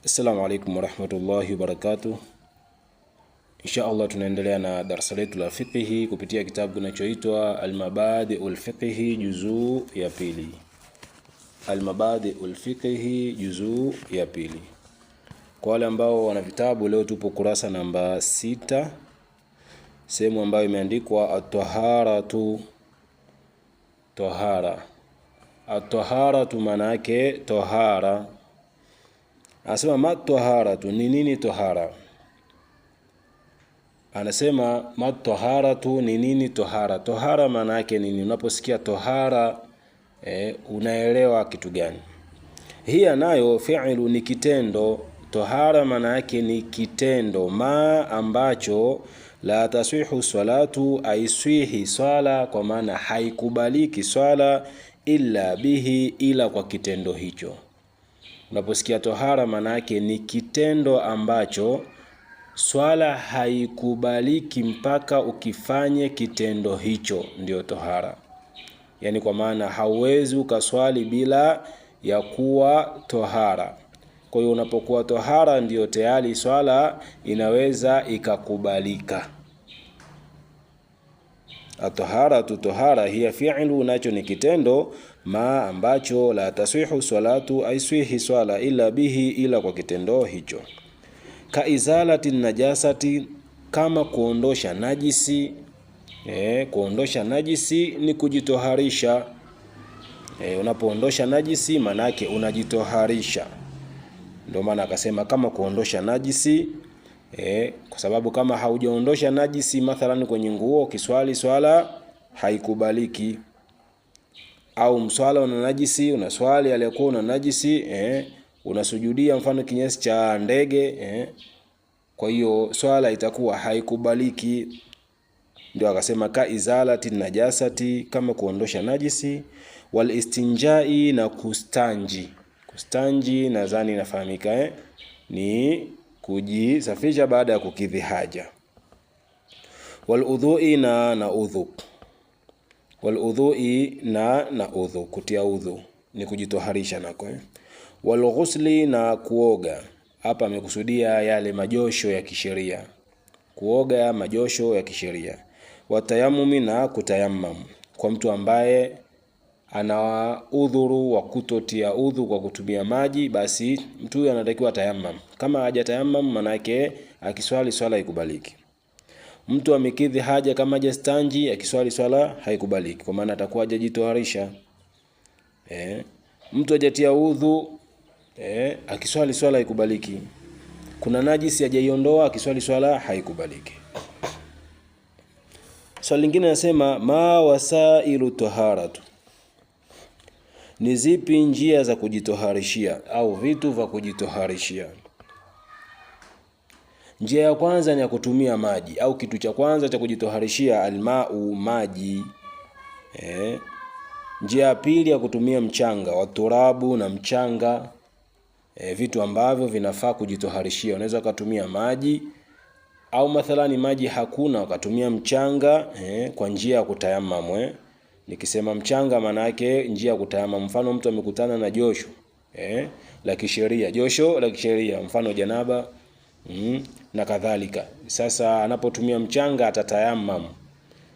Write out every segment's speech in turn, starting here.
Assalamu alaikum warahmatullahi wabarakatuh. Insha Allah tunaendelea na darasa letu la fiqhi kupitia kitabu kinachoitwa almabadiu Fiqhi juzuu ya pili. Almabadiul Fiqhi juzuu ya pili. Kwa wale ambao wana vitabu, leo tupo kurasa namba sita, sehemu ambayo imeandikwa at Tahara, at maana yake tahara Anasema matwaharatu ni nini tohara? Anasema matwaharatu ni nini tohara? Tohara maana yake nini? Unaposikia tohara eh, unaelewa kitu gani? Hiya nayo fi'lu ni kitendo. Tohara maana yake ni kitendo ma ambacho la taswihu salatu, aiswihi swala, kwa maana haikubaliki swala illa bihi, ila kwa kitendo hicho. Unaposikia tohara, maana yake ni kitendo ambacho swala haikubaliki mpaka ukifanye kitendo hicho, ndiyo tohara. Yaani kwa maana hauwezi ukaswali bila ya kuwa tohara. Kwa hiyo unapokuwa tohara, ndiyo tayari swala inaweza ikakubalika. Ataharatu, tahara hiya fi'lu, nacho ni kitendo ma ambacho la taswihu swalatu, aiswihi swala ila bihi, ila kwa kitendo hicho. Ka izalati najasati, kama kuondosha najisi. E, kuondosha najisi ni kujitoharisha. E, unapoondosha najisi manake unajitoharisha, ndio maana akasema kama kuondosha najisi e, kwa sababu kama haujaondosha najisi mathalan kwenye nguo, kiswali swala haikubaliki. Au mswala una najisi, unaswali aliyekuwa una najisi e, unasujudia mfano kinyesi cha ndege e, kwa hiyo swala itakuwa haikubaliki. Ndio akasema ka izalati najasati, kama kuondosha najisi, wal istinjai, na kustanji. Kustanji nadhani inafahamika eh? ni kujisafisha baada ya kukidhi haja. Waludhui na na udhu, waludhui na na udhu, kutia udhu ni kujitoharisha nako. Eh. Walghusli na kuoga, hapa amekusudia yale majosho ya kisheria, kuoga majosho ya kisheria. Watayamumi na kutayamam, kwa mtu ambaye ana udhuru wa kutotia udhu kwa kutumia maji, basi mtu huyo anatakiwa tayamam. Kama hajatayamam, manake akiswali swala haikubaliki. Mtu amekidhi haja kama hajastanji, akiswali swala haikubaliki, kwa maana atakuwa hajajitoharisha. Eh, mtu hajatia udhu eh, akiswali swala haikubaliki. Kuna najisi hajaiondoa, akiswali swala haikubaliki. Swali lingine nasema ma wasailu taharatu ni zipi njia za kujitoharishia au vitu vya kujitoharishia? Njia ya kwanza ni ya kutumia maji au kitu cha kwanza cha kujitoharishia almau, maji eh. Njia ya pili ya kutumia mchanga wa turabu na mchanga eh, vitu ambavyo vinafaa kujitoharishia. Unaweza ukatumia maji au mathalani maji hakuna ukatumia mchanga eh, kwa njia ya eh. Nikisema mchanga maana yake njia ya kutahama. Mfano mtu amekutana na josho eh, la kisheria, josho la kisheria, mfano janaba mm, na kadhalika. Sasa anapotumia mchanga atatayamam,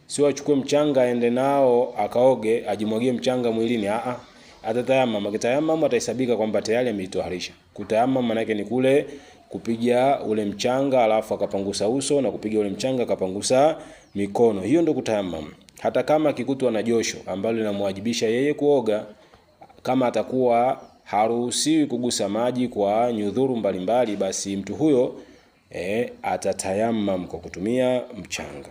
sio achukue mchanga aende nao akaoge ajimwagie mchanga mwilini. A a, atatayamam. Akitayamam atahesabika kwamba tayari ameitoharisha. Kutayamam maana yake ni kule kupiga ule mchanga alafu akapangusa uso na kupiga ule mchanga akapangusa mikono. Hiyo ndio kutayamam. Hata kama akikutwa na josho ambalo linamwajibisha yeye kuoga, kama atakuwa haruhusiwi kugusa maji kwa nyudhuru mbalimbali, basi mtu huyo e, atatayamam kwa kutumia mchanga.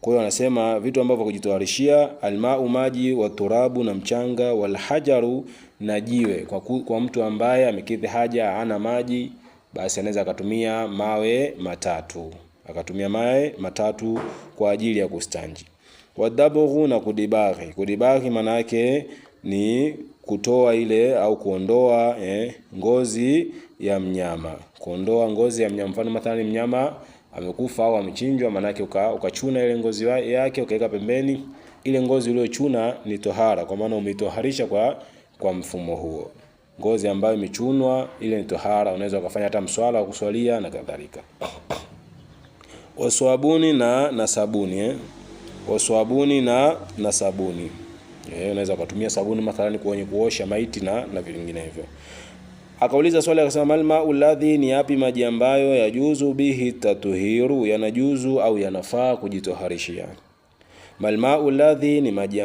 Kwa hiyo anasema vitu ambavyo kujitoharishia almau, maji wa turabu na mchanga, walhajaru na jiwe. Kwa, ku, kwa mtu ambaye amekidhi haja ana maji, basi anaweza akatumia mawe matatu akatumia mawe matatu kwa ajili ya kustanji. Wadabughu na kudibari Kudibari maana yake ni kutoa ile au kuondoa eh, ngozi ya mnyama, kuondoa ngozi ya mnyama. Mfano mathalan mnyama amekufa au amechinjwa, maanake ukachuna uka ile ngozi yake ukaweka pembeni. Ile ngozi uliyochuna ni tohara, kwa maana umeitoharisha kwa kwa mfumo huo. Ngozi ambayo imechunwa ile ni tohara, unaweza ukafanya hata mswala wa kuswalia na kadhalika. Waswabuni na na sabuni eh kwa swabuni na na sabuni. Eh, unaweza kutumia sabuni mathalan kwenye kuosha maiti na na vinginevyo. Akauliza swali akasema, malma uladhi, ni yapi maji ambayo yajuzu bihi tatuhiru, yanajuzu au yanafaa kujitoharishia. Malma uladhi, ni maji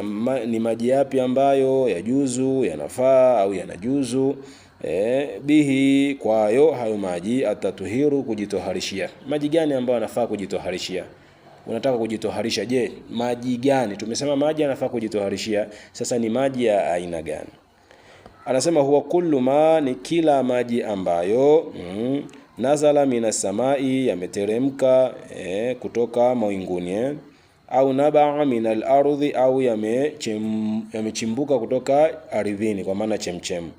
ni maji yapi ambayo yajuzu, yanafaa au yanajuzu eh, bihi, kwayo hayo maji atatuhiru, kujitoharishia. Maji gani ambayo yanafaa kujitoharishia? unataka kujitoharisha. Je, maji gani? Tumesema maji anafaa kujitoharishia, sasa ni maji ya aina gani? Anasema huwa kullu ma, ni kila maji ambayo mm, nazala minas samai, yameteremka eh, kutoka mawinguni eh, au nabaa minal ardhi, au yamechimbuka yame kutoka ardhini, kwa maana chemchem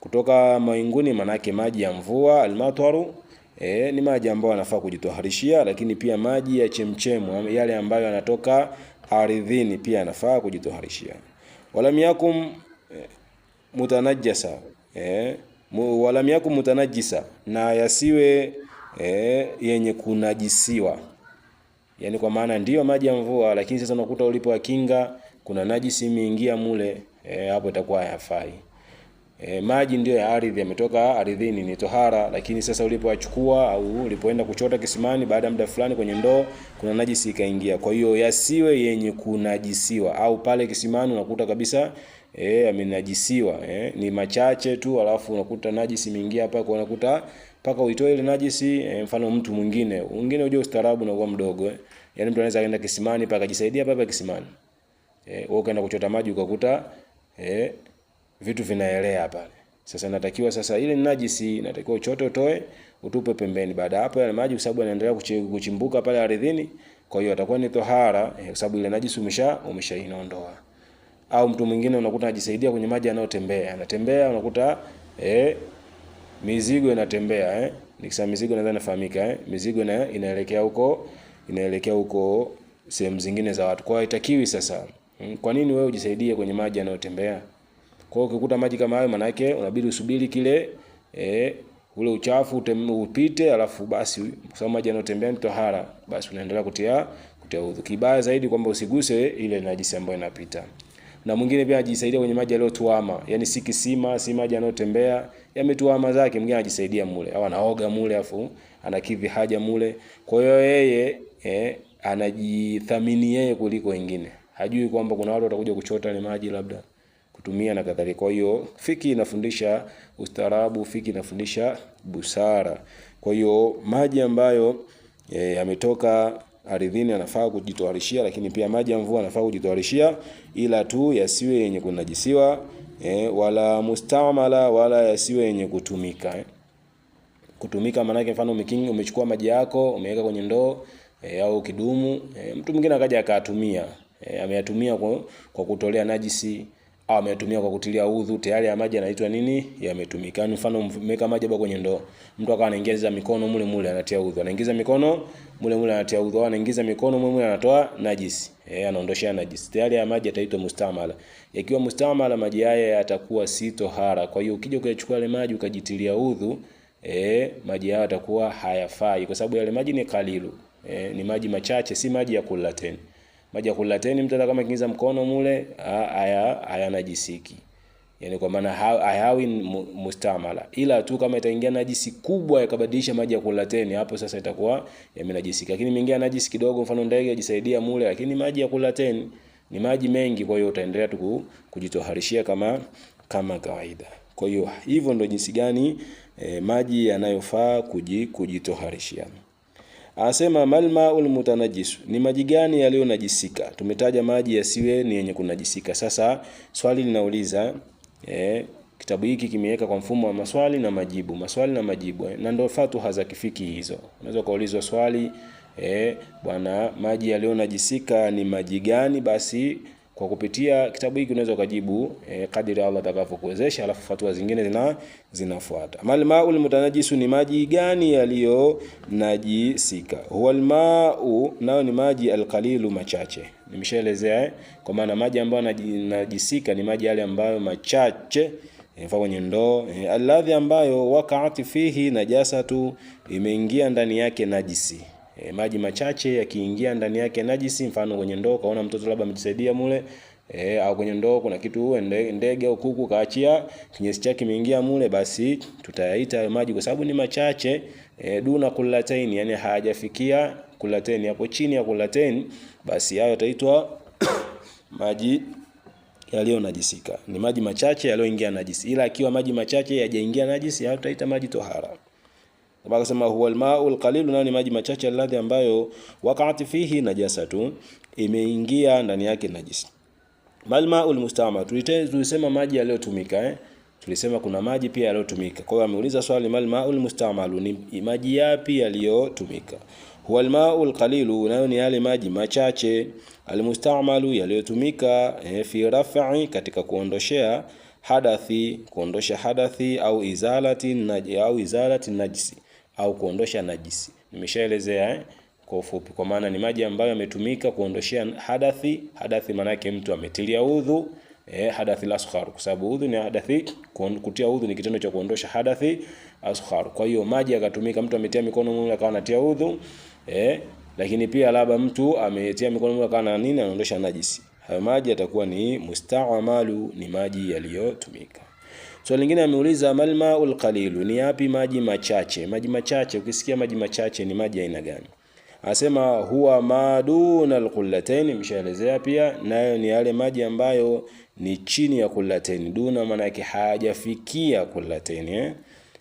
kutoka mawinguni, manake maji ya mvua almatwaru E, ni maji ambayo anafaa kujitoharishia, lakini pia maji ya chemchemu yale ambayo yanatoka ardhini pia anafaa kujitoharishia. Walam yakum e, mutanajjasa e, walam yakum mutanajjisa, na yasiwe e, yenye kunajisiwa, yani kwa maana ndiyo maji ya mvua, lakini sasa unakuta ulipo kinga kuna najisi imeingia mule e, hapo itakuwa hayafai. E, maji ndio ya ardhi yametoka ardhini ni tohara, lakini sasa ulipoachukua au ulipoenda kuchota kisimani, baada ya muda fulani kwenye ndoo kuna najisi ikaingia. Kwa hiyo yasiwe yenye kunajisiwa, au pale kisimani unakuta kabisa eh, amenajisiwa e, ni machache tu, alafu unakuta najisi imeingia hapa, kwa unakuta paka uitoe ile najisi e, mfano mtu mwingine mwingine, uje ustaarabu unakuwa mdogo eh. Yani mtu anaweza kaenda kisimani paka jisaidia hapa hapa kisimani eh, wewe ukaenda kuchota maji ukakuta eh vitu vinaelea pale. Sasa natakiwa sasa ile najisi natakiwa uchote utoe utupe pembeni. Baada hapo yale maji, kwa sababu yanaendelea kuchimbuka pale ardhini, kwa hiyo atakuwa ni tohara, eh, kwa sababu ile najisi umesha umeshaiondoa. Au mtu mwingine unakuta anajisaidia kwenye maji yanayotembea, anatembea unakuta eh, mizigo inatembea eh, nikisema mizigo nadhani nafahamika eh, mizigo na inaelekea huko inaelekea huko sehemu zingine za watu. Kwa hiyo itakiwi sasa. Hmm, kwa nini wewe ujisaidie kwenye maji yanayotembea? Kwa hiyo ukikuta maji kama hayo, maana yake unabidi usubiri kile eh, ule uchafu utemu, upite, alafu basi kwa sababu maji yanayotembea ni tohara, basi unaendelea kutia kutia udhu. Kibaya zaidi kwamba usiguse ile najisi ambayo inapita. Na mwingine pia anajisaidia kwenye maji yaliyotuama, yani si kisima, si maji yanayotembea, yametuama zake, mwingine anajisaidia mule au anaoga mule, afu anakivi haja mule. Kwa hiyo yeye eh, anajithamini yeye kuliko wengine, hajui kwamba kuna watu watakuja kuchota ni maji labda kutumia na kadhalika. Kwa hiyo fiki inafundisha ustaarabu, fiki inafundisha busara. Kwa hiyo maji ambayo e, yametoka e, ardhini anafaa kujitoharishia, lakini pia maji ya mvua anafaa kujitoharishia, ila tu yasiwe yenye kunajisiwa e, wala mustamala wala yasiwe yenye kutumika e. Kutumika maana yake mfano umechukua maji yako umeweka kwenye ndoo e, au kidumu e, mtu mwingine akaja akatumia e, ameyatumia kwa, kwa kutolea najisi. Ah, ametumia kwa kutilia udhu, tayari ya maji yanaitwa nini? Yametumika. Yani mfano mmeka maji hapo kwenye ndoo, mtu akawa anaingiza mikono mule mule anatia udhu, anaingiza mikono mule mule anatia udhu, au anaingiza mikono mule mule anatoa najisi, eh, anaondoshia najisi, tayari ya maji yataitwa mustamala. Yakiwa mustamala, maji haya yatakuwa si tohara. Kwa hiyo ukija kuyachukua ile maji ukajitilia udhu, eh, maji haya yatakuwa hayafai, kwa sababu yale maji ni kalilu, eh, ni maji machache, si maji ya kula tena maji kulateni mtala kama kingiza mkono mule haya haya najisiki yani kwa maana hayawi mustamala, ila tu kama itaingia najisi kubwa yakabadilisha maji ya kulateni, hapo sasa itakuwa yamenajisika. Lakini mingia najisi kidogo, mfano ndege ajisaidia mule, lakini maji ya kulateni ni maji mengi, kwa hiyo utaendelea tu kujitoharishia kama kama kawaida. Kwa hiyo hivyo ndio jinsi gani eh, maji yanayofaa kujitoharishia. kuji Anasema malmaul mutanajis, ni maji gani yaliyonajisika? Tumetaja maji yasiwe ni yenye kunajisika. Sasa swali linauliza eh, kitabu hiki kimeweka kwa mfumo wa maswali na majibu, maswali na majibu eh, na ndio fatuha za kifiki hizo. Unaweza kuulizwa swali eh, bwana, maji yaliyonajisika ni maji gani? Basi kwa kupitia kitabu hiki unaweza ukajibu eh, kadiri Allah atakavyokuwezesha, alafu fatwa zingine zina zinafuata. Malmaul mutanajisu ni maji gani yaliyo najisika? Huwa almau, nayo ni maji alqalilu, machache. Nimeshaelezea eh? Kwa maana maji ambayo najisika ni maji yale ambayo machache eh, mfano kwenye ndoo eh, alladhi ambayo wakaati fihi najasatu, imeingia ndani yake najisi e, maji machache yakiingia ndani yake najisi, mfano kwenye ndoo, kaona mtoto labda amejisaidia mule e, au kwenye ndoo kuna kitu uwe ndege au kuku kaachia kinyesi chake kimeingia mule, basi tutayaita hayo maji kwa sababu ni machache e, eh, duna kulatain, yani hayajafikia kulatain, hapo chini ya kulatain, basi hayo yataitwa maji yaliyo najisika, ni maji machache yaliyoingia najisi, ila akiwa maji machache yajaingia najisi, hayo tutaita maji tohara. Akasema huwa almau alqalilu, nayo ni maji machache, aladhi, ambayo waqa'at fihi najasatu, imeingia ndani yake najisi. Malma ulmustama, tulisema maji yaliyotumika eh? Tulisema kuna maji pia yaliyotumika. Kwa hiyo ameuliza swali, malma ulmustamalu, ni maji yapi yaliyotumika? Huwa almau alqalilu, nayo ni yale maji machache, almustamalu, yaliyotumika eh, fi raf'i, katika kuondoshea hadathi, kuondosha hadathi au izalati au izalati najisi au kuondosha najisi. Nimeshaelezea eh? Kwa ufupi, kwa maana ni maji ambayo yametumika kuondoshea hadathi. Hadathi maana yake mtu ametilia udhu eh, hadathi la lasghar, kwa sababu udhu ni hadathi. Kutia udhu ni kitendo cha kuondosha hadathi asghar. Kwa hiyo maji yakatumika, mtu ametia mikono mwili akawa anatia udhu eh, lakini pia labda mtu ametia mikono mwili akawa na nini, anaondosha najisi. Hayo maji yatakuwa ni mustaamalu, ni maji yaliyotumika. Swali so, lingine ameuliza mal maul qalilu, ni yapi maji machache? Maji machache, ukisikia maji machache ni maji aina gani? Asema huwa maduna alqullatain, mshaelezea pia, nayo ni yale maji ambayo ni chini ya qullatayn. Duna maana yake hayajafikia qullatayn, eh,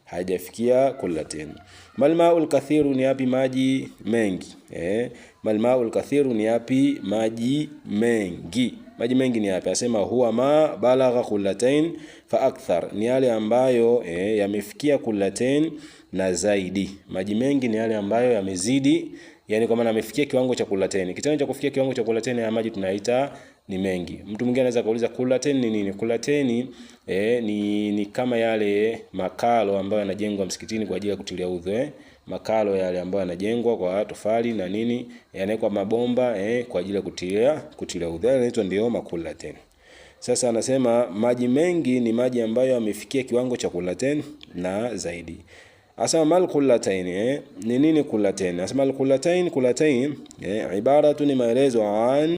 hayajafikia Mal maul kathiru, ni yapi maji mengi? Eh, mal maul kathiru, ni yapi maji mengi? maji mengi ni yapi? Asema huwa ma balagha kullatain fa akthar, ni yale ambayo e, yamefikia kullatain na zaidi. Maji mengi ni yale ambayo yamezidi, yani kwa maana amefikia kiwango cha kullatain. Kitendo cha kufikia kiwango cha kullatain ya maji tunaita ni mengi. Mtu mwingine anaweza kauliza kulateni ni nini? Kulateni eh, ni, ni kama yale eh, makalo ambayo yanajengwa msikitini kwa ajili ya kutilia udhu eh. Makalo yale ambayo yanajengwa kwa tofali na nini, yanawekwa mabomba eh, kwa ajili ya kutilia kutilia udhu. Yanaitwa ndio makulateni. Sasa anasema maji mengi ni maji ambayo yamefikia kiwango cha kulateni na zaidi. Asema mal kulatain eh, ni nini kulatain? Asema al kulatain kulatain eh, ibaratun ni maelezo an